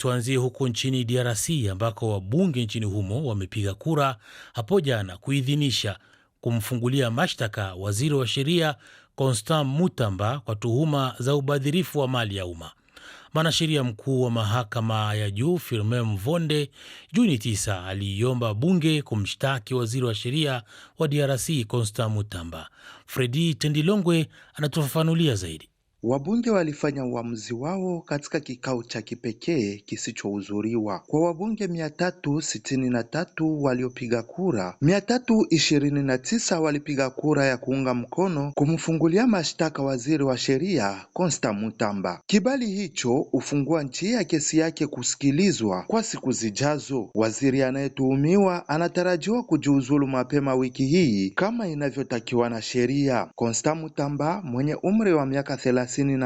Tuanzie huko nchini DRC ambako wabunge nchini humo wamepiga kura hapo jana kuidhinisha kumfungulia mashtaka waziri wa sheria Constant Mutamba kwa tuhuma za ubadhirifu wa mali ya umma. Mwanasheria mkuu wa mahakama ya juu Firmin Mvonde Juni 9 aliiomba bunge kumshtaki waziri wa sheria wa DRC Constant Mutamba. Fredi Tendilongwe anatufafanulia zaidi. Wabunge walifanya uamuzi wao katika kikao cha kipekee kisichohudhuriwa. Kwa wabunge 363 waliopiga kura, 329 walipiga kura ya kuunga mkono kumfungulia mashtaka waziri wa sheria konsta Mutamba. Kibali hicho hufungua njia ya kesi yake kusikilizwa kwa siku zijazo. Waziri anayetuhumiwa anatarajiwa kujiuzulu mapema wiki hii kama inavyotakiwa na sheria. Consta Mutamba mwenye umri wa miaka thelathini hamsini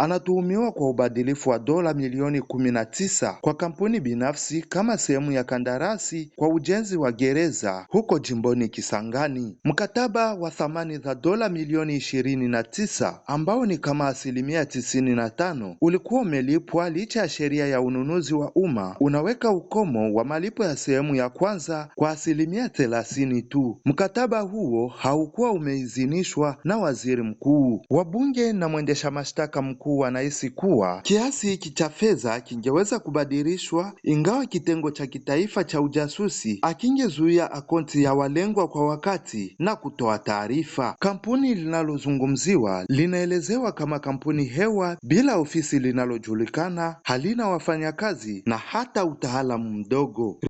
anatuhumiwa kwa ubadilifu wa dola milioni 19 kwa kampuni binafsi kama sehemu ya kandarasi kwa ujenzi wa gereza huko jimboni Kisangani. Mkataba wa thamani za dola milioni 29 ambao ni kama asilimia 95 ulikuwa umelipwa licha ya sheria ya ununuzi wa umma unaweka ukomo wa malipo ya sehemu ya kwanza kwa asilimia 30 tu. Mkataba huo haukuwa umeidhinishwa na waziri mkuu. Wabunge na mwende Mwendesha mashtaka mkuu anahisi kuwa kiasi hiki cha fedha kingeweza kubadilishwa ingawa kitengo cha kitaifa cha ujasusi akingezuia akaunti ya walengwa kwa wakati na kutoa taarifa. Kampuni linalozungumziwa linaelezewa kama kampuni hewa bila ofisi linalojulikana, halina wafanyakazi na hata utaalamu mdogo.